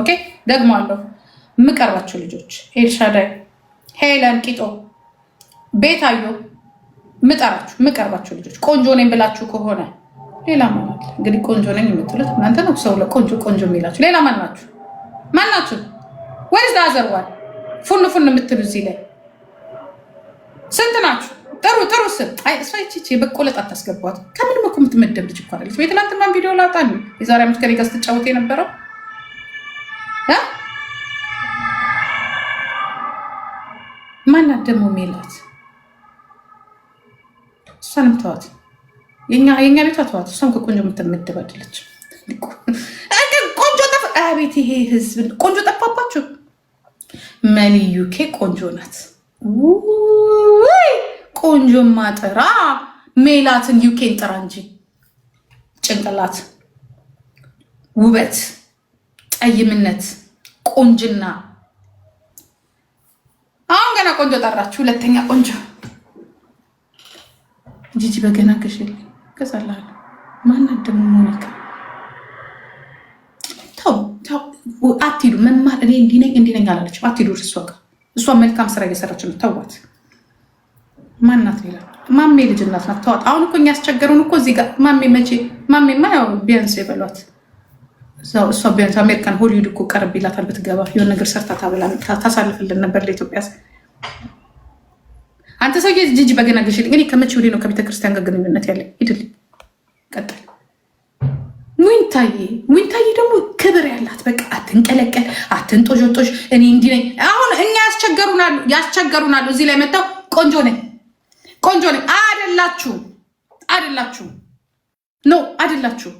ኦኬ ደግሞ አለው የምቀርባቸው ልጆች ኤልሻዳይ፣ ሄለን ቂጦ፣ ቤታዮ ምጠራችሁ የምቀርባቸው ልጆች ቆንጆ ነኝ ብላችሁ ከሆነ ሌላ ማን እንግዲህ? ቆንጆ ነኝ የምትሉት እናንተ ነው። ሰው ለቆንጆ ቆንጆ የሚላችሁ ሌላ ማን ናችሁ? ማን ናችሁ? ወይስ ዳዘርዋል ፉን ፉን የምትሉ እዚህ ላይ ስንት ናችሁ? ጥሩ ጥሩ ስም አይስፋይቺች የበቆለጥ አታስገቧት። ከምንም እኮ የምትመደብ ልጅ እኮ አለች። ትናንትናም ቪዲዮ ላጣ የዛሬ ዓመት ከኔ ጋር ስትጫወት የነበረው ማናት ደግሞ ሜላት? እሷንም ተዋት፣ የእኛ ቤቷ ተዋት። እሷም ከቆንጆ የምትመደብ አይደለች። ቆንጆ አቤት! ይሄ ህዝብ ቆንጆ ጠፋባችሁ። መልዩኬ ቆንጆ ናት። ቆንጆማ ጥራ፣ ሜላትን ዩኬን ጥራ እንጂ ጭንቅላት፣ ውበት፣ ጠይምነት፣ ቆንጅና ቆንጆ ጠራችሁ። ሁለተኛ ቆንጆ ጂጂ በገና ክሽል ገዛላል። ማናት ደግሞ ሞኒካ? ተው አትሂዱ። መማር እኔ እንዲህ ነኝ እንዲህ ነኝ አላለችም። አትሂዱ እሷ እሷ መልካም ስራ እየሰራች ነው። ተዋት። ማናት ሌላ ማሜ ልጅ እናት ናት። ተዋት። አሁን እኮ እኛ ያስቸገሩን እኮ እዚህ ጋር ማሜ መቼ ማሜማ ያው ቢያንስ የበሏት እሷ ቢያንስ አሜሪካን ሆሊውድ እኮ ቀረብ ይላታል። ብትገባ የሆነ ነገር ሰርታ ታሳልፍልን ነበር ለኢትዮጵያ አንተ ሰውዬ ጅጅ በገና ግሽል። እኔ ከመቼ ወዲህ ነው ከቤተ ክርስቲያን ጋር ግንኙነት ያለ? ሂድልኝ፣ ቀጥል። ሙኝታዬ ሙኝታዬ ደግሞ ክብር ያላት በቃ አትንቀለቀል፣ አትንጦዦጦሽ። እኔ እንዲህ ነኝ። አሁን እኛ ያስቸገሩናሉ፣ ያስቸገሩናሉ። እዚህ ላይ መጣው። ቆንጆ ነኝ፣ ቆንጆ ነኝ። አደላችሁ፣ አደላችሁ፣ ኖ አደላችሁ።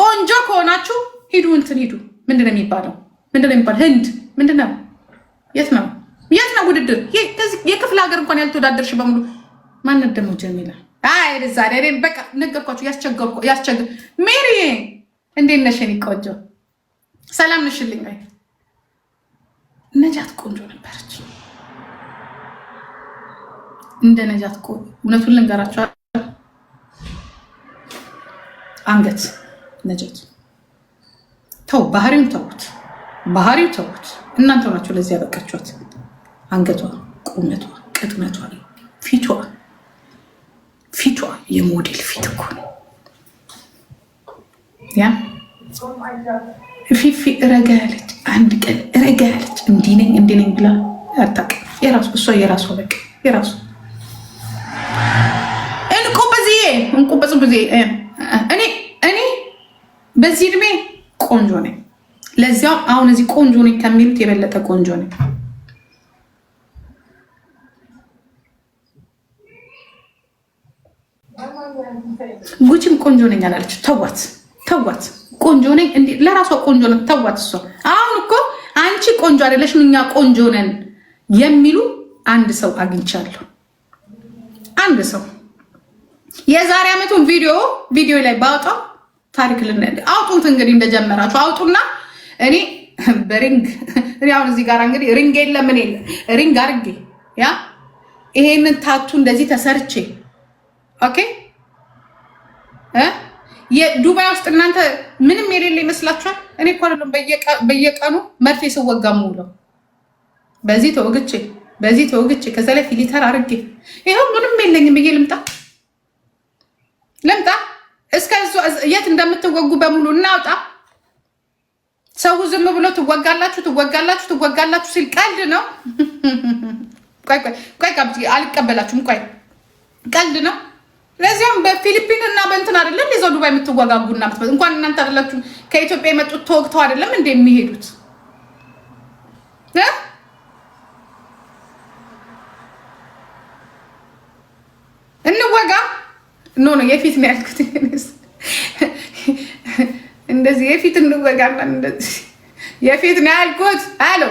ቆንጆ ከሆናችሁ ሂዱ፣ እንትን ሂዱ። ምንድነው የሚባለው? ምንድነው የሚባለው? ህንድ ምንድነው? የት ነው የት ነው ውድድር? የክፍለ ሀገር እንኳን ያልተወዳደርሽ በሙሉ ማነት ደግሞ ጀሚላ ዛሬ በቃ ነገርኳቸው። ያስቸግ ሜሪ እንዴት ነሽ የኔ ቆንጆ? ሰላም ነሽልኝ ወይ? ነጃት ቆንጆ ነበረች። እንደ ነጃት ቆ እውነቱን ልንገራቸው አንገት ነጃት ተው፣ ባህሪውን ተውት፣ ባህሪው ተውት። እናንተው ናቸው ለዚህ ያበቃችኋት። አንገቷ፣ ቁመቷ፣ ቅጥነቷ፣ ፊቷ ፊቷ የሞዴል ፊት እኮ ነው። ያ ፊፊ ረጋ ያለች አንድ ቀን ረጋ ያለች እንዲህ ነኝ እንዲህ ነኝ ብላ አታውቅም። የራሱ እሷ የራሷ በቃ የራሱ እንቁ በዚህ እንቁ በዚህ እኔ እኔ በዚህ እድሜ ቆንጆ ነኝ። ለዚያው አሁን እዚህ ቆንጆ ነኝ ከሚሉት የበለጠ ቆንጆ ነኝ። ጉችም ቆንጆ ነኝ አላለችው። ተዋት ተዋት፣ ቆንጆ ነኝ እንዲ ለራሷ ቆንጆ ነን። ተዋት እሷ አሁን እኮ አንቺ ቆንጆ አይደለሽም እኛ ቆንጆ ነን የሚሉ አንድ ሰው አግኝቻለሁ። አንድ ሰው የዛሬ ዓመቱን ቪዲዮ ቪዲዮ ላይ ባወጣው ታሪክ ልነ አውጡት እንግዲህ እንደጀመራችሁ አውጡና እኔ በሪንግ እኔ አሁን እዚህ ጋር እንግዲህ ሪንግ የለም እኔ ሪንግ አርጌ ያ ይሄንን ታቱ እንደዚህ ተሰርቼ ኦኬ የዱባይ ውስጥ እናንተ ምንም የሌለ ይመስላችኋል? እኔ እኮ አይደለም በየቀኑ መርፌ ስወጋ የምውለው። በዚህ ተወግቼ በዚህ ተወግቼ ከዛ ላይ ፊሊተር አድርጌ ይኸው ምንም የለኝም ብዬ ልምጣ ልምጣ እስከ የት እንደምትወጉ በሙሉ እናውጣ። ሰው ዝም ብሎ ትወጋላችሁ ትወጋላችሁ ትወጋላችሁ ሲል ቀልድ ነው። ቆይ ቆይ ቆይ፣ አልቀበላችሁም። ቆይ ቀልድ ነው። ለዚያም በፊሊፒን እና በእንትን አይደለም የዛው ዱባይ ምትበት እንኳን እናንተ አይደላችሁ ከኢትዮጵያ የመጡት ተወግተው አይደለም እንደ የሚሄዱት እንወጋ ኖ ነው የፊት ነው ያልኩት። እንደዚህ የፊት እንወጋ እንደዚህ የፊት ነው ያልኩት። አሎ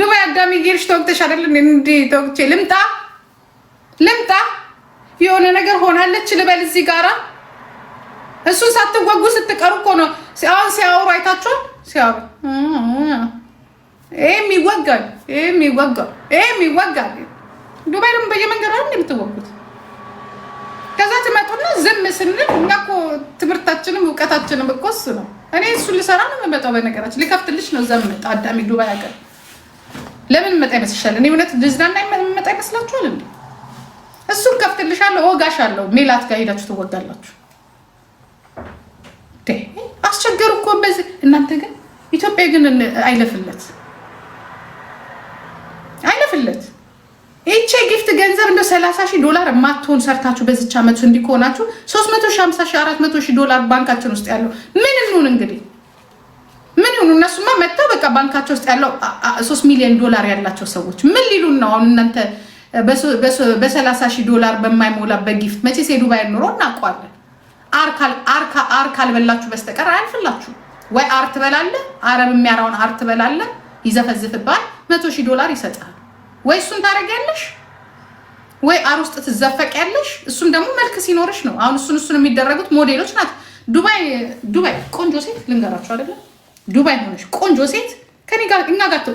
ዱባይ አዳሚ ጌርሽ ተወግተሽ አይደለም እንዲህ ተወግቼ ልምጣ ልምጣ የሆነ ነገር ሆናለች ልበል እዚህ ጋራ እሱን ሳትጓጉ ስትቀሩ እኮ ነው። አሁን ሲያወሩ አይታችኋል። ሲያወሩ ይሄም ይወጋል፣ ይሄም ይወጋል፣ ይሄም ይወጋል። ዱባይ ደግሞ በየመንገዱ ነው የምትወጉት። ከዛ ትመጡና ዝም ስንል እኛ እኮ ትምህርታችንም እውቀታችንም እኮ እሱ ነው። እኔ እሱ ልሰራ ነው የምመጣው። በነገራችን ሊከፍትልሽ ነው እዛ የምመጣ አዳሚ ዱባይ ሀገር ለምን መጣ ይመስልሻል? እኔ እውነት ልዝናና መጣ ይመስላችኋል እንዴ? እሱን ከፍትልሻለሁ፣ እወጋሻለሁ። ሜላት ጋር ሄዳችሁ ትወጋላችሁ። አስቸገሩ እኮ በዚህ እናንተ ግን ኢትዮጵያ ግን አይለፍለት አይለፍለት። ይቼ ጊፍት ገንዘብ እንደ 30 ሺህ ዶላር የማትሆን ሰርታችሁ በዚች ዓመት እንዲሆናችሁ 350 ሺህ 400 ሺህ ዶላር ባንካችን ውስጥ ያለው ምን ይሁን እንግዲህ ምን ይሁኑ እነሱማ መጥተው በቃ ባንካቸው ውስጥ ያለው 3 ሚሊዮን ዶላር ያላቸው ሰዎች ምን ሊሉን ነው አሁን እናንተ በሰላሳ ሺህ ዶላር በማይሞላበት መቼ ሴ ዱባይ ኑሮ እናውቀዋለን። አር ካልበላችሁ በስተቀር አያልፍላችሁ። ወይ አር ትበላለ፣ አረብ የሚያራውን አር ትበላለ፣ ይዘፈዝፍባል፣ መቶ ሺህ ዶላር ይሰጣል። ወይ እሱን ታደርጊያለሽ፣ ወይ አር ውስጥ ትዘፈቂያለሽ። እሱም ደግሞ መልክ ሲኖርሽ ነው። አሁን እሱን እሱን የሚደረጉት ሞዴሎች ናት። ዱባይ ዱባይ ቆንጆ ሴት ልንገራችሁ አይደለ፣ ዱባይ ሆነሽ ቆንጆ ሴት ከኔ ጋር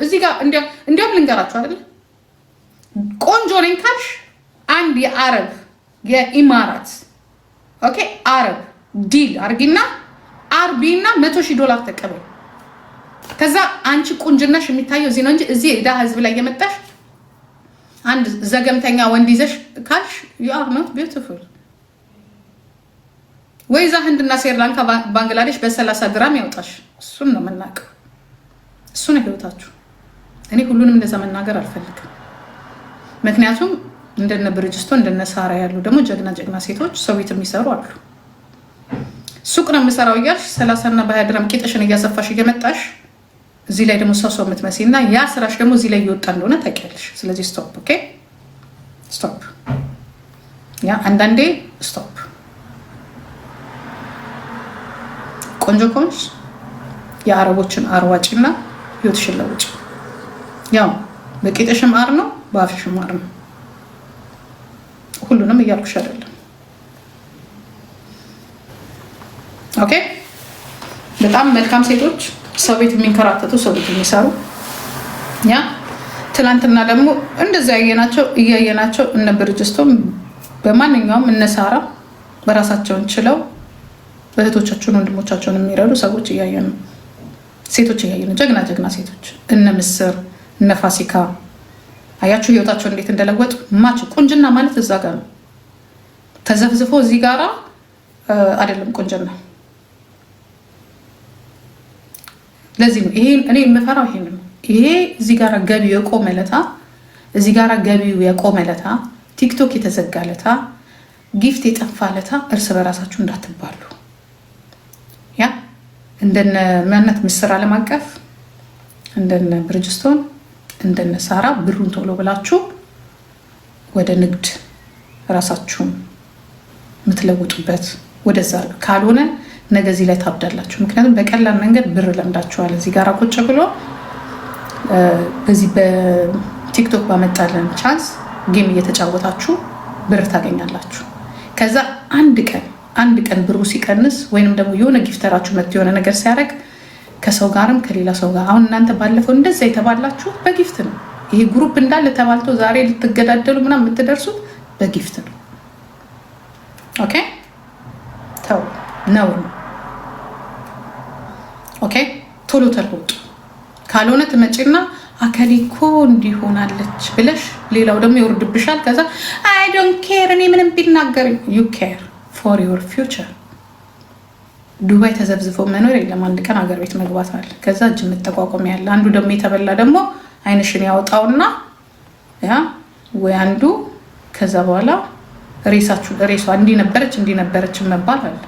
እዚህ ጋር እንዲያውም ልንገራችሁ አይደለም ቆንጆ ነኝ ካልሽ አንድ የአረብ የኢማራት ኦኬ አረብ ዲል አርጊና አርቢና መቶ ሺህ ዶላር ተቀበል። ከዛ አንቺ ቁንጅናሽ የሚታየው እዚህ ነው እንጂ እዚህ ዳ ህዝብ ላይ የመጣሽ አንድ ዘገምተኛ ወንድ ይዘሽ ካልሽ ዩ አር ኖት ቢዩቲፉል። ወይ ዛ ህንድና ስሪላንካ ባንግላዴሽ በሰላሳ ግራም ያውጣሽ። እሱን ነው የምናውቀው። ነው ህይወታችሁ። እኔ ሁሉንም እንደዛ መናገር አልፈልግም። ምክንያቱም እንደነ ብርጅስቶ እንደነ ሳራ ያሉ ደግሞ ጀግና ጀግና ሴቶች ሰው ቤት የሚሰሩ አሉ። ሱቅ ነው የምሰራው እያልሽ ሰላሳና በሀያ ድረም ቂጥሽን እያሰፋሽ እየመጣሽ እዚህ ላይ ደግሞ ሰው ሰው የምትመሲ እና ያ ስራሽ ደግሞ እዚህ ላይ እየወጣ እንደሆነ ታውቂያለሽ። ስለዚህ ስቶፕ ኦኬ፣ ስቶፕ ያ አንዳንዴ ስቶፕ። ቆንጆ ከሆንሽ የአረቦችን አርዋጭና ህይወትሽን ለውጭ። ያው በቂጥሽም አር ነው በአፍሽ ነው። ሁሉንም እያልኩሽ አይደለም። ኦኬ በጣም መልካም ሴቶች ሰው ቤት የሚንከራተቱ ሰው ቤት የሚሰሩ ያ ትናንትና ደግሞ እንደዚያ ያየናቸው እያየናቸው እነ ብርጅስቶም በማንኛውም እነሳራ በራሳቸውን ችለው እህቶቻቸውን ወንድሞቻቸውን የሚረዱ ሰዎች ነው። ሴቶች ነው። ጀግና ጀግና ሴቶች እነ ምስር እነ ፋሲካ አያችሁ ህይወታቸው እንዴት እንደለወጡ ማች ቁንጅና ማለት እዛ ጋር ነው ተዘፍዝፎ እዚህ ጋራ አይደለም ቁንጅና። ለዚህ ነው ይሄ እኔ የምፈራው ይሄ ነው። ይሄ እዚህ ጋራ ገቢው የቆመለታ እዚህ ጋራ ገቢው የቆመለታ ቲክቶክ የተዘጋለታ ጊፍት የጠፋለታ እርስ በራሳችሁ እንዳትባሉ ያ እንደነ ማነት ምስር ዓለም አቀፍ እንደነ ብርጅስቶን እንደነሳራ ብሩን ቶሎ ብላችሁ ወደ ንግድ ራሳችሁን የምትለውጡበት ወደዛ ካልሆነ ነገ እዚህ ላይ ታብዳላችሁ። ምክንያቱም በቀላል መንገድ ብር ለምዳችኋል። እዚህ ጋር ቁጭ ብሎ በዚህ በቲክቶክ ባመጣለን ቻንስ ጌም እየተጫወታችሁ ብር ታገኛላችሁ። ከዛ አንድ ቀን አንድ ቀን ብሩ ሲቀንስ ወይንም ደግሞ የሆነ ጊፍተራችሁ መጥቶ የሆነ ነገር ሲያደርግ ከሰው ጋርም ከሌላ ሰው ጋር አሁን እናንተ ባለፈው እንደዛ የተባላችሁ በጊፍት ነው። ይሄ ግሩፕ እንዳለ ተባልቶ ዛሬ ልትገዳደሉ ምናምን የምትደርሱት በጊፍት ነው። ኦኬ ተው ነው። ኦኬ ቶሎ ተለወጡ። ካልሆነ ትመጪና አከሌ እንዲሆናለች ብለሽ ሌላው ደግሞ ይወርድብሻል። ከዛ አይ ዶንት ኬር እኔ ምንም ቢናገር ዩ ኬር ፎር ዮር ፊውቸር ዱባይ ተዘብዝፎ መኖር የለም። አንድ ቀን ሀገር ቤት መግባት አለ። ከዛ እጅ የምጠቋቋም ያለ አንዱ ደግሞ የተበላ ደግሞ አይንሽን ያወጣውና ያ ወይ አንዱ ከዛ በኋላ ሬሷ እንዲነበረች እንዲነበረች መባል አለ።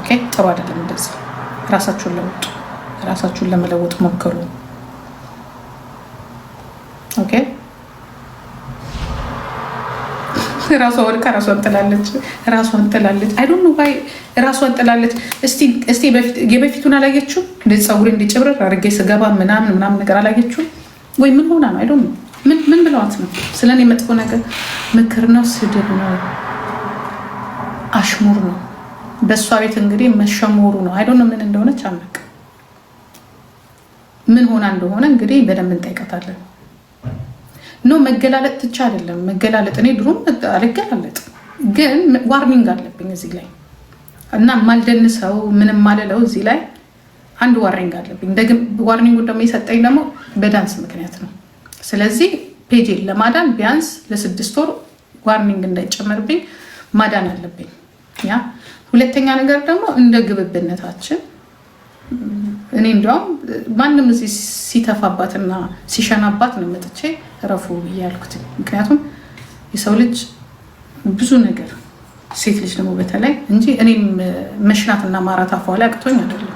ኦኬ ጥሩ አይደለም። እንደዚ ራሳችሁን ለውጡ፣ ራሳችሁን ለመለወጥ ሞክሩ። ኦኬ ራሷ ወድቃ ራሷን ጥላለች። ራሷን ጥላለች። አይ ዶንት ኖ ዋይ ራሷን ጥላለች። እስቲ የበፊቱን አላየችው? ፀጉር እንዲጭብረር አድርጌ ስገባ ምናምን ምናምን ነገር አላየችው ወይ? ምን ሆና ነው? አይ ዶንት ኖ ምን ብለዋት ነው? ስለ እኔ መጥፎ ነገር ምክር ነው፣ ስድብ ነው፣ አሽሙር ነው። በእሷ ቤት እንግዲህ መሸሞሩ ነው። አይ ዶንት ኖ ምን እንደሆነች አናውቅም። ምን ሆና እንደሆነ እንግዲህ በደንብ እንጠይቀታለን። ኖ መገላለጥ ትቻ አይደለም መገላለጥ። እኔ ድሮም አልገላለጥ፣ ግን ዋርኒንግ አለብኝ እዚህ ላይ እና ማልደንሰው ምንም ማለለው እዚህ ላይ አንድ ዋርኒንግ አለብኝ። ዋርኒንጉ ደግሞ የሰጠኝ ደግሞ በዳንስ ምክንያት ነው። ስለዚህ ፔጄን ለማዳን ቢያንስ ለስድስት ወር ዋርኒንግ እንዳይጨመርብኝ ማዳን አለብኝ። ያ ሁለተኛ ነገር ደግሞ እንደ ግብብነታችን እኔ እንዲያውም ማንም እዚህ ሲተፋባትና ሲሸናባት ነው መጥቼ እረፉ እያልኩት። ምክንያቱም የሰው ልጅ ብዙ ነገር ሴት ልጅ ደግሞ በተለይ እንጂ እኔም መሽናትና ማራት አፏ ላይ አቅቶኝ አይደለም፣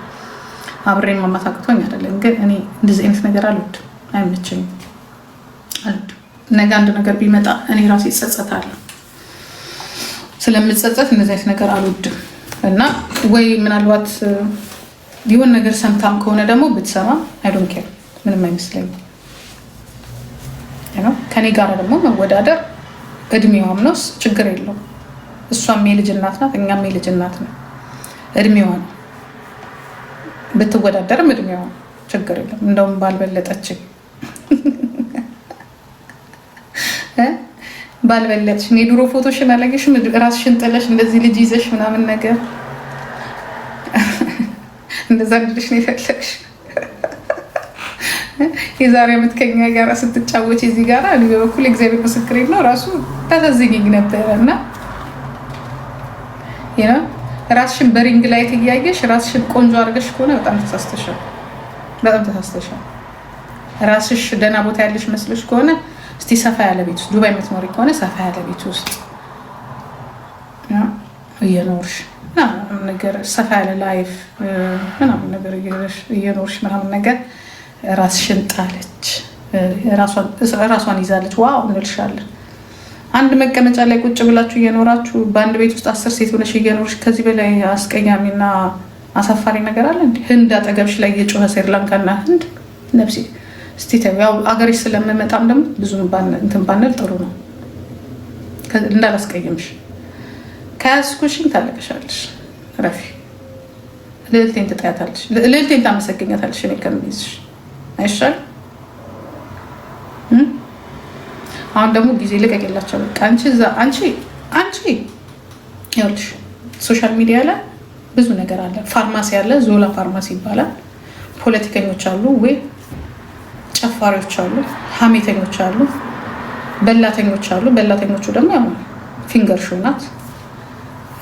አብሬን ማማት አቅቶኝ አይደለም። ግን እኔ እንደዚህ አይነት ነገር አልወድ አይመቸኝም፣ አልወድ ነገ አንድ ነገር ቢመጣ እኔ ራሴ እጸጸታለሁ። ስለምጸጸት እንደዚህ አይነት ነገር አልወድም እና ወይ ምናልባት ሊሆን ነገር ሰምታም ከሆነ ደግሞ ብትሰማ አይዶን ኬር ምንም አይመስለኝም። ከኔ ጋር ደግሞ መወዳደር እድሜዋም ነው ችግር የለውም። እሷም የልጅ እናት ናት፣ እኛም የልጅ እናት ነው። እድሜዋ ነው ብትወዳደርም እድሜዋ ችግር የለም። እንደውም ባልበለጠችኝ ባልበለጥሽ፣ ድሮ ፎቶሽን አላየሽም? ራስሽን ጥለሽ እንደዚህ ልጅ ይዘሽ ምናምን ነገር እንደዛ እንድልሽ ነው የፈለግሽ። የዛሬ ዓመት ከኛ ጋር ስትጫወች እዚህ ጋር እኔ በበኩል እግዚአብሔር ምስክር ነው ራሱ ታሳዝኝኝ ነበረ እና ራስሽን በሪንግ ላይ ትያየሽ ራስሽን ቆንጆ አድርገሽ ከሆነ በጣም ተሳስተሻል፣ በጣም ተሳስተሻል። ራስሽ ደህና ቦታ ያለሽ መስሎሽ ከሆነ እስቲ ሰፋ ያለ ቤት ውስጥ ዱባይ የምትኖሪ ከሆነ ሰፋ ያለ ቤት ውስጥ እየኖርሽ ነገር ሰፋ ያለ ላይፍ ምናምን ነገር እየኖርሽ ምናምን ነገር ራስሽን ጣለች፣ ራሷን ይዛለች። ዋው እንልሻለን። አንድ መቀመጫ ላይ ቁጭ ብላችሁ እየኖራችሁ በአንድ ቤት ውስጥ አስር ሴት ሆነሽ እየኖርሽ ከዚህ በላይ አስቀያሚና አሳፋሪ ነገር አለ? እንዲ ህንድ አጠገብሽ ላይ እየጮኸ ስሪላንካና ህንድ ነብሲ እስቲ ያው አገርሽ ስለምመጣም ደግሞ ብዙ እንትን ባንል ጥሩ ነው እንዳላስቀየምሽ ከያዝኩሽኝ ታለቀሻለሽ። ረፊ ልዕልቴን ትጠያታለሽ፣ ልዕልቴን ታመሰግኛታለሽ። እኔ ከሚይዝሽ አይሻል። አሁን ደግሞ ጊዜ ልቀቅ የላቸው። በቃ አንቺ እዛ አንቺ አንቺ ይኸውልሽ፣ ሶሻል ሚዲያ ላይ ብዙ ነገር አለ። ፋርማሲ አለ፣ ዞላ ፋርማሲ ይባላል። ፖለቲከኞች አሉ፣ ወይ ጨፋሪዎች አሉ፣ ሀሜተኞች አሉ፣ በላተኞች አሉ። በላተኞቹ ደግሞ ያው ፊንገር ሹናት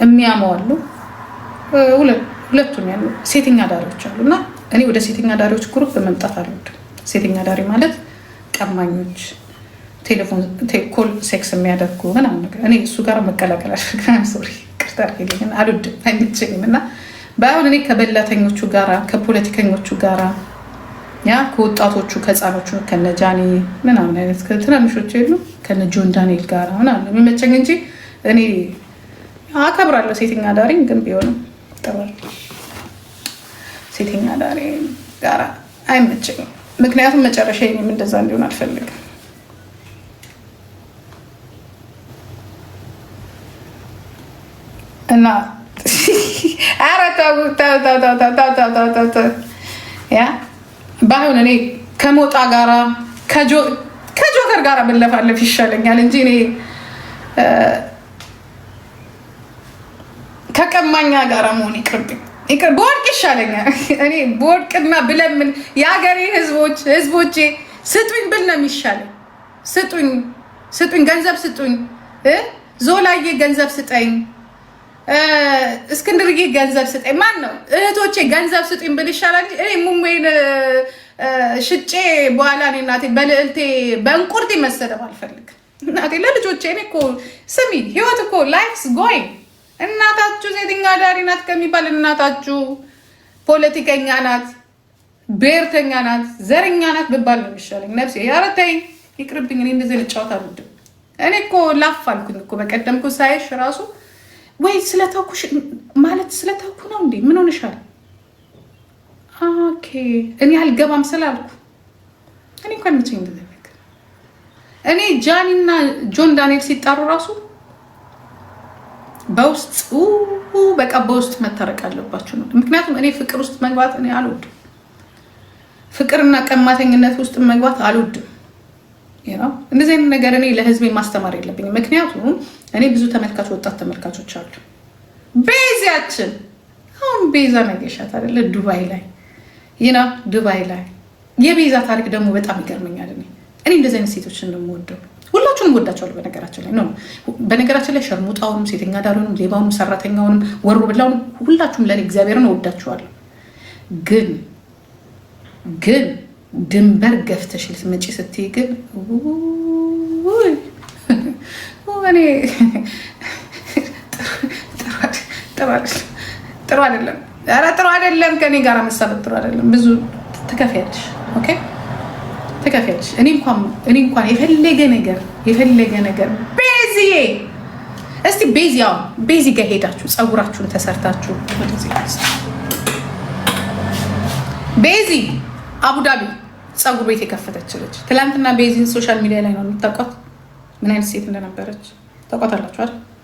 የሚያመዋሉ ሁለቱም ያሉ ሴተኛ አዳሪዎች አሉ እና እኔ ወደ ሴተኛ አዳሪዎች ግሩፕ በመምጣት አልወድም። ሴተኛ አዳሪ ማለት ቀማኞች፣ ቴሌፎን ኮል ሴክስ የሚያደርጉ ምናምን ነገር እኔ እሱ ጋር መቀላቀል አልፈልግም። ሶሪ ቅርታ አድርግልኝ፣ አልወድም፣ አይመቸኝም እና በአሁን እኔ ከበላተኞቹ ጋራ ከፖለቲከኞቹ ጋራ ያ ከወጣቶቹ ከህፃኖቹ ከነ ጃኒ ምናምን አይነት ትናንሾች የሉ ከነ ጆን ዳንኤል ጋር ምናምን የሚመቸኝ እንጂ እኔ አከብራለሁ ሴተኛ ዳሪኝ ግን ቢሆንም ብር ሴተኛ ዳሪ ጋራ አይመቸኝም። ምክንያቱም መጨረሻ እኔም እንደዛ እንዲሆን አልፈልግም። እና ኧረ ያ ባይሆን እኔ ከሞጣ ጋራ ከጆከር ጋራ ብለፋለፍ ይሻለኛል እንጂ እኔ ከቀማኛ ጋር መሆን ይቅርብኝ። በወድቅ ይሻለኛል። እኔ በወድቅና ብለምን የሀገሬ ህዝቦች ህዝቦቼ ስጡኝ ብል ነው የሚሻለኝ። ስጡኝ ስጡኝ፣ ገንዘብ ስጡኝ። ዞላዬ ገንዘብ ስጠኝ፣ እስክንድርዬ ገንዘብ ስጠኝ። ማን ነው እህቶቼ ገንዘብ ስጡኝ ብል ይሻላል። እኔ ሙሜን ሽጬ በኋላ እኔ እናቴ በልዕልቴ በእንቁርት መሰደብ አልፈልግ። እናቴ ለልጆቼ እኔ እኮ ስሚ ህይወት እኮ ላይፍስ ጎይንግ እናታችሁ ሴተኛ አዳሪ ናት ከሚባል እናታችሁ ፖለቲከኛ ናት፣ ብሔርተኛ ናት፣ ዘረኛ ናት ብባል ነው የሚሻለኝ። ነፍሴ ኧረ ይቅርብኝ። እኔ እንደዚህ ልጫወት አልወድም። እኔ እኮ ላፍ አልኩኝ እኮ በቀደም እኮ ሳይሽ ራሱ ወይ ስለተኩ ማለት ስለተኩ ነው እንዴ? ምን ሆንሻል? ኦኬ እኔ አልገባም ስላልኩ እኔ እንኳን መቼ እንደዚህ ነገር እኔ ጃኒና ጆን ዳንኤል ሲጣሩ ራሱ በውስጥ በቃ በውስጥ መታረቅ አለባቸው ነው። ምክንያቱም እኔ ፍቅር ውስጥ መግባት እኔ አልወድም። ፍቅርና ቀማተኝነት ውስጥ መግባት አልወድም። እንደዚህ አይነት ነገር እኔ ለህዝቤ ማስተማር የለብኝ። ምክንያቱም እኔ ብዙ ተመልካች ወጣት ተመልካቾች አሉ። ቤዛችን አሁን ቤዛ ነገሻት አይደለ ዱባይ ላይ ይና ዱባይ ላይ የቤዛ ታሪክ ደግሞ በጣም ይገርመኛል። እኔ እንደዚህ አይነት ሴቶች እንደምወደው ሁላችሁንም ወዳቸዋለሁ። በነገራችን ላይ ነው በነገራችን ላይ ሸርሙጣውንም፣ ሴተኛ አዳሪውንም፣ ሌባውንም፣ ሰራተኛውንም፣ ወሮ ብላውን ሁላችሁም ለእኔ እግዚአብሔርን ወዳቸዋለሁ። ግን ግን ድንበር ገፍተሽ ልትመጪ ስትይ ግን እኔ ጥሩ አይደለም። ኧረ ጥሩ አይደለም። ከእኔ ጋር መሳበት ጥሩ አይደለም። ብዙ ትከፍያለሽ። ኦኬ ተከፊያለሽ። እኔ እንኳን እኔ እንኳን የፈለገ ነገር የፈለገ ነገር ቤዚዬ እስቲ ቤዚ ያው ቤዚ ጋር ሄዳችሁ ፀጉራችሁን ተሰርታችሁ ቤዚ አቡዳቢ ፀጉር ቤት የከፈተች ልጅ ትላንትና ቤዚን ሶሻል ሚዲያ ላይ ነው የምታውቋት። ምን አይነት ሴት እንደነበረች ታውቋታላችሁ አይደል?